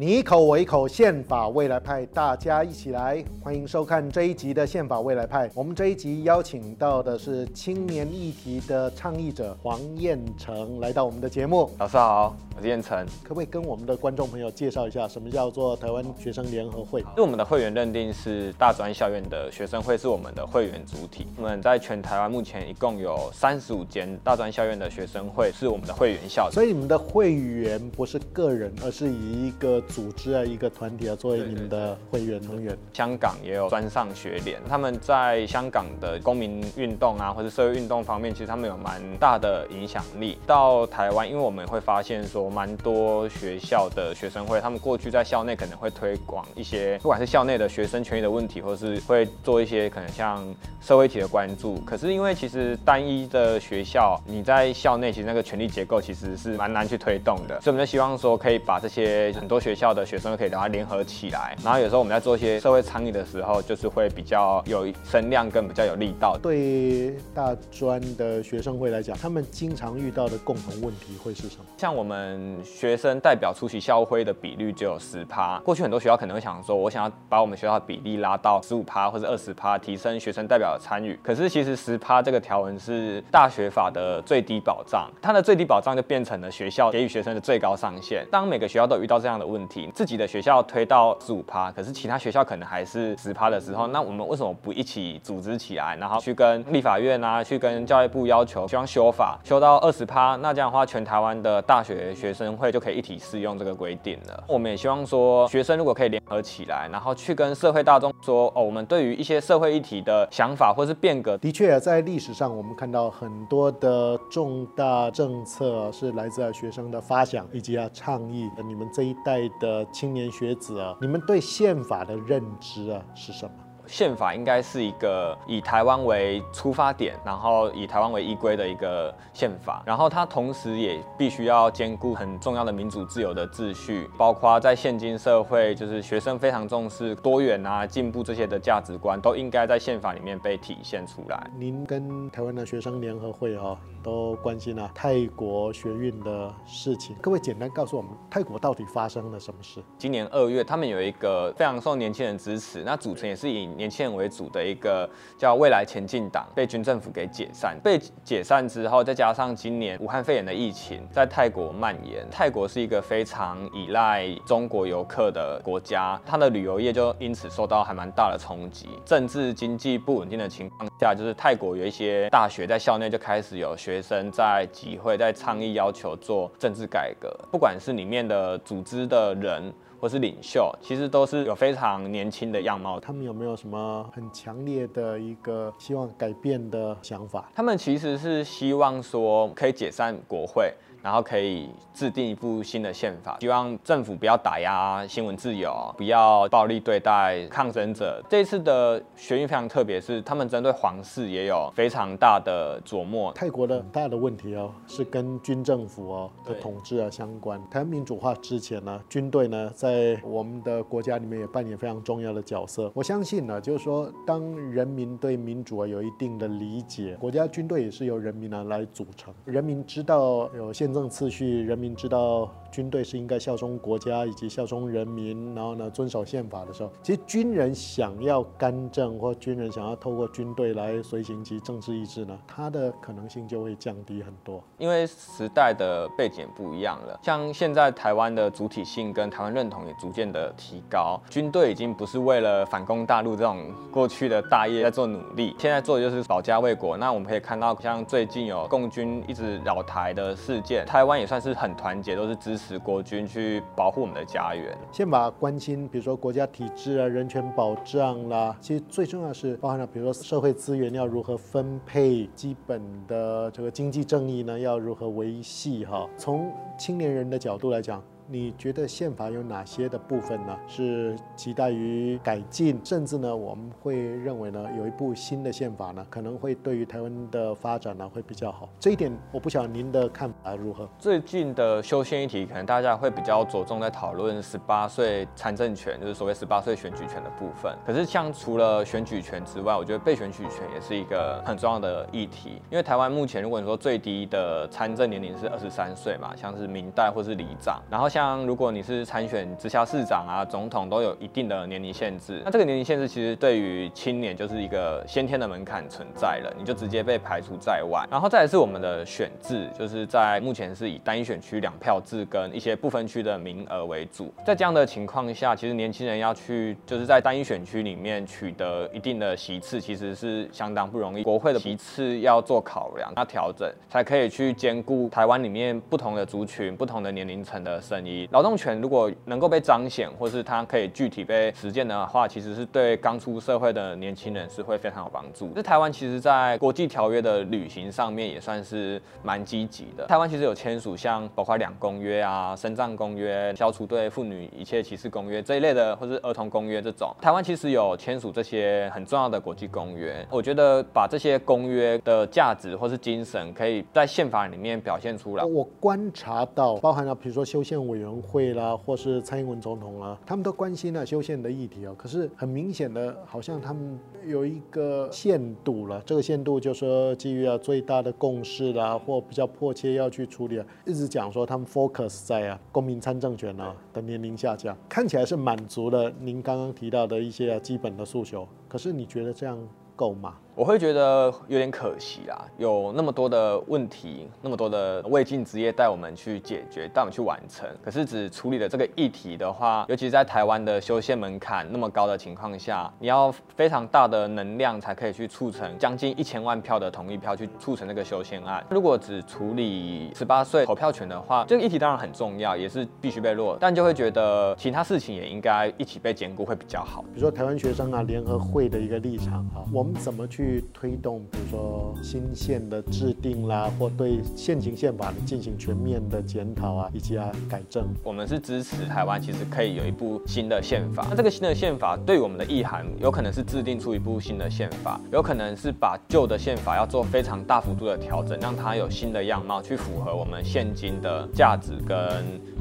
你一口我一口，憲法未來派，大家一起來，歡迎收看這一集的憲法未來派。我們這一集邀請到的是青年議題的倡議者黃彥誠，來到我們的節目。老師好，我是彥誠。可不可以跟我們的觀眾朋友介紹一下，什麼叫做台灣學生聯合會？因為我們的會員認定是大專校院的學生會是我們的會員主體。我們在全台灣目前一共有三十五間大專校院的學生會是我們的會員校，所以你們的會員不是個人，而是以一個。組織啊，一個團體啊，作為你們的會員成員。香港也有專上學聯，他們在香港的公民運動啊，或者社會運動方面，其實他們有蠻大的影響力。到台灣，因為我們會發現說，蠻多學校的學生會，他們過去在校內可能會推廣一些，不管是校內的學生權益的問題，或是會做一些可能像社會體的關注。可是因為其實單一的學校，你在校內其實那個權力結構其實是蠻難去推動的，所以我們就希望說，可以把這些很多學校，校的學生可以把它聯合起來，然後有時候我們在做一些社會參與的時候，就是會比較有聲量，跟比較有力道。對大專的學生會來講，他們經常遇到的共同問題會是什麼？像我們學生代表出席校會的比率只有十趴，過去很多學校可能會想說，我想要把我們學校的比例拉到十五趴或者二十趴，提升學生代表的參與。可是其實十趴這個條文是大學法的最低保障，它的最低保障就變成了學校給予學生的最高上限。當每個學校都遇到這樣的問題，問題，自己的學校推到十五趴，可是其他學校可能還是十趴的時候，那我們為什麼不一起組織起來，然後去跟立法院啊，去跟教育部要求，希望修法修到二十趴？那這樣的話，全台灣的大學學生會就可以一體適用這個規定了。我們也希望說，學生如果可以聯合起來，然後去跟社會大眾說，哦，我們對於一些社會議題的想法或是變革，的確在歷史上，我們看到很多的重大政策是來自學生的發想以及啊倡議。你們這一代。的青年學子啊，你們對憲法的認知啊是什麼？憲法應該是一個以台灣為出發點，然後以台灣為依歸的一個憲法，然後它同時也必須要兼顧很重要的民主自由的秩序，包括在現今社會，就是學生非常重視多元啊、進步這些的價值觀，都應該在憲法裡面被體現出來。您跟台灣的學生聯合會啊、哦。都關心了、啊、泰國學運的事情。各位簡單告訴我們，泰國到底發生了什麼事？今年二月，他們有一個非常受年輕人支持，那組成也是以年輕人為主的一個叫未來前進黨，被軍政府給解散。被解散之後，再加上今年武漢肺炎的疫情在泰國蔓延，泰國是一個非常依賴中國遊客的國家，它的旅遊業就因此受到還蠻大的衝擊。政治經濟不穩定的情況下，就是泰國有一些大學在校內就開始有學。學生在集會、在倡議要求做政治改革，不管是裡面的組織的人或是領袖，其實都是有非常年輕的樣貌。他們有沒有什麼很強烈的一個希望改變的想法？他們其實是希望說可以解散國會。然後可以制定一部新的憲法，希望政府不要打壓新聞自由，不要暴力對待抗爭者。這次的學運非常特別，是他們針對皇室也有非常大的琢磨。泰國的很大的問題哦，是跟軍政府哦的統治啊相關。台灣民主化之前，啊、呢，軍隊呢在我們的國家裡面也扮演非常重要的角色。我相信呢，啊，就是說，當人民對民主啊有一定的理解，國家軍隊也是由人民呢，啊、來組成。人民知道有現捐贈次序，人民知道。軍隊是應該效忠國家以及效忠人民，然後呢，遵守憲法的時候，其實軍人想要幹政或軍人想要透過軍隊來隨行其政治意志呢，它的可能性就會降低很多。因為時代的背景不一樣了，像現在台灣的主體性跟台灣認同也逐漸的提高，軍隊已經不是為了反攻大陸這種過去的大業在做努力，現在做的就是保家衛國。那我們可以看到，像最近有共軍一直擾台的事件，台灣也算是很團結，都是支持，使國軍去保護我們的家園。先把關心，比如說國家體制啊、人權保障啦、啊，其實最重要是包含了，比如說社會資源要如何分配，基本的這個經濟正義呢要如何維繫？哈，從青年人的角度來講。你覺得憲法有哪些的部分呢？是期待於改進，甚至呢，我們會認為呢，有一部新的憲法呢，可能會對於台灣的發展呢，會比較好。這一點我不曉得您的看法如何。最近的修憲議題，可能大家會比較着重在討論十八歲參政權，就是所謂十八歲選舉權的部分。可是像除了選舉權之外，我覺得被選舉權也是一個很重要的議題，因為台灣目前如果你說最低的參政年齡是二十三歲嘛，像是民代或是里長，然後像。像如果你是參選直轄市長啊，總統都有一定的年齡限制，那這個年齡限制其實對於青年就是一個先天的門檻存在了，你就直接被排除在外。然後再來是我們的選制，就是在目前是以單一選區兩票制跟一些不分區的名額為主，在這樣的情況下，其實年輕人要去就是在單一選區裡面取得一定的席次，其實是相當不容易。國會的席次要做考量、要調整，才可以去兼顧台灣裡面不同的族群、不同的年齡層的聲音。勞動權如果能夠被彰顯，或是它可以具體被實踐的話，其實是對剛出社會的年輕人是會非常有幫助。那台灣其實，在國際條約的履行上面也算是蠻積極的。台灣其實有簽署像包括兩公約啊、《身障公約》、《消除對婦女一切歧視公約》這一類的，或是《兒童公約》這種。台灣其實有簽署這些很重要的國際公約。我覺得把這些公約的價值或是精神，可以在憲法裡面表現出來。我觀察到包含了，比如說修憲委。委員會啦，或是蔡英文總統啦、啊，他們都關心了修憲的議題啊、哦。可是很明顯的，好像他們有一個限度了。這個限度就是基於啊最大的共識啦，或比較迫切要去處理啊。一直講說他們 focus 在啊公民參政權、啊、的年齡下降，看起來是滿足了您剛剛提到的一些、啊、基本的訴求。可是你覺得這樣夠嗎？我會覺得有點可惜啦，有那麼多的問題，那麼多的未竟志業帶我們去解決，帶我們去完成。可是只處理了這個議題的話，尤其在台灣的修憲門檻那麼高的情況下，你要非常大的能量才可以去促成將近一千萬票的同意票，去促成那個修憲案。如果只處理十八歲投票權的話，這個議題當然很重要，也是必須被落。但就會覺得其他事情也應該一起被兼顧會比較好。比如說台灣學生啊聯合會的一個立場啊，我們怎麼去去推動，比如說新憲的制定啦，或對現行憲法進行全面的檢討啊，以及啊改正。我們是支持台灣，其實可以有一部新的憲法。那這個新的憲法對我們的意涵，有可能是制定出一部新的憲法，有可能是把舊的憲法要做非常大幅度的調整，讓它有新的樣貌，去符合我們現今的價值跟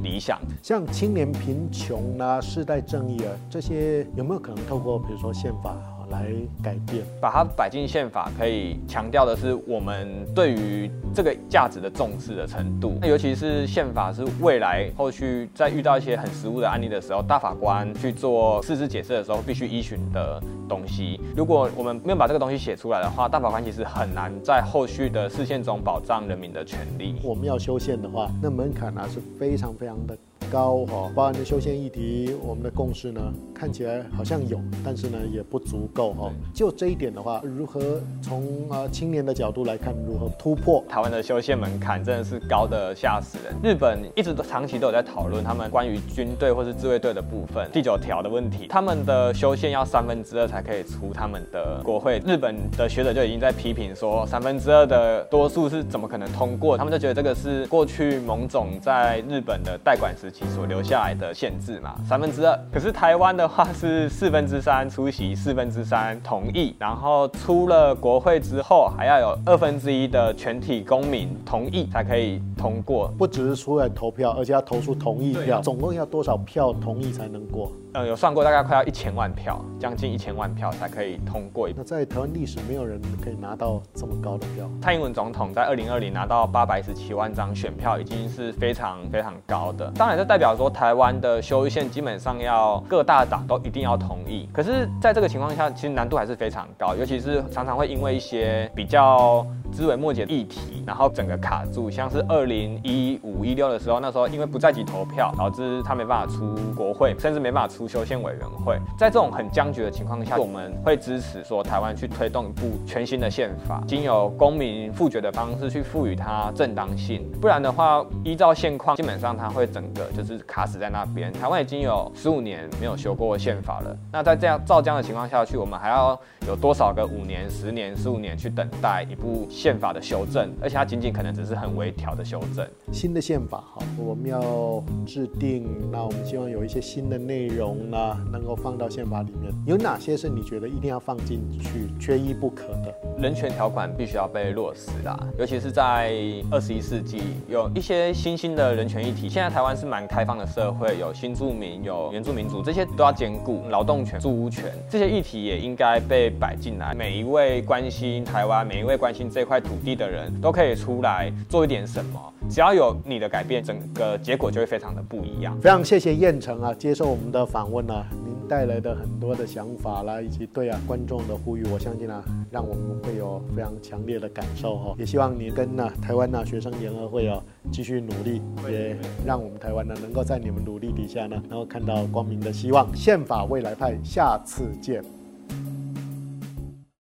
理想。像青年貧窮啊、世代正義啊這些，有沒有可能透過比如說憲法？來改變，把它擺進憲法，可以強調的是我們對於這個價值的重視的程度。那尤其是憲法是未來後續在遇到一些很實務的案例的時候，大法官去做事實解釋的時候必須依循的東西。如果我們沒有把這個東西寫出來的話，大法官其實很難在後續的釋憲中保障人民的權利。我們要修憲的話，那門檻呢、啊、是非常非常的。高哈、哦，包含的修憲議題，我們的共識呢，看起來好像有，但是呢也不足夠哈、哦。就這一點的話，如何從啊青年的角度來看，如何突破台灣的修憲門檻，真的是高的嚇死人。日本一直都長期都有在討論他們關於軍隊或是自衛隊的部分第九條的問題，他們的修憲要三分之二才可以出他們的國會。日本的學者就已經在批評說，三分之二的多數是怎麼可能通過？他們就覺得這個是過去某種在日本的代管時期。所留下來的限制嘛，三分之二。可是台灣的話是四分之三出席，四分之三同意，然後出了國會之後，還要有二分之一的全體公民同意才可以通過。不只是出來投票，而且要投出同意票。啊、總共要多少票同意才能過？呃，有算過，大概快要一千萬票，將近一千萬票才可以通過。那在台灣歷史沒有人可以拿到這麼高的票。蔡英文總統在二零二零拿到八百一十七萬張選票，已經是非常非常高的。當然在代表說，台灣的修憲基本上要各大黨都一定要同意。可是，在這個情況下，其實難度還是非常高，尤其是常常會因為一些比較。思維末節議題，然後整個卡住，像是二零一五一六的時候，那時候因為不在籍投票，導致他沒辦法出國會，甚至沒辦法出修憲委員會。在這種很僵局的情況下，我們會支持說台灣去推動一部全新的憲法，經由公民複決的方式去賦予它正當性。不然的話，依照現況，基本上它會整個就是卡死在那邊。台灣已經有十五年沒有修過憲法了。那在這樣照這樣的情況下去，我們還要有多少個五年、十年、十五年去等待一部憲？憲法的修正，而且它僅僅可能只是很微調的修正。新的憲法哈，我們要制定，那我們希望有一些新的內容呢、啊，能夠放到憲法裡面。有哪些是你覺得一定要放進去、缺一不可的？人權條款必須要被落實啦，尤其是在二十一世紀，有一些新興的人權議題。現在台灣是蠻開放的社會，有新住民，有原住民族，這些都要兼顧。勞動權、住屋權這些議題也應該被擺進來。每一位關心台灣，每一位關心這。塊土地的人都可以出來做一點什麼，只要有你的改變，整個結果就會非常的不一樣。非常謝謝彥誠啊，接受我們的訪問了、啊，您帶來的很多的想法啦，以及對啊觀眾的呼籲，我相信啊，讓我們會有非常強烈的感受哦、喔。也希望你跟呢、啊、台灣呢、啊、學生聯合會啊繼續努力，也讓我們台灣呢能夠在你們努力底下呢，然後看到光明的希望。憲法未來派，下次見。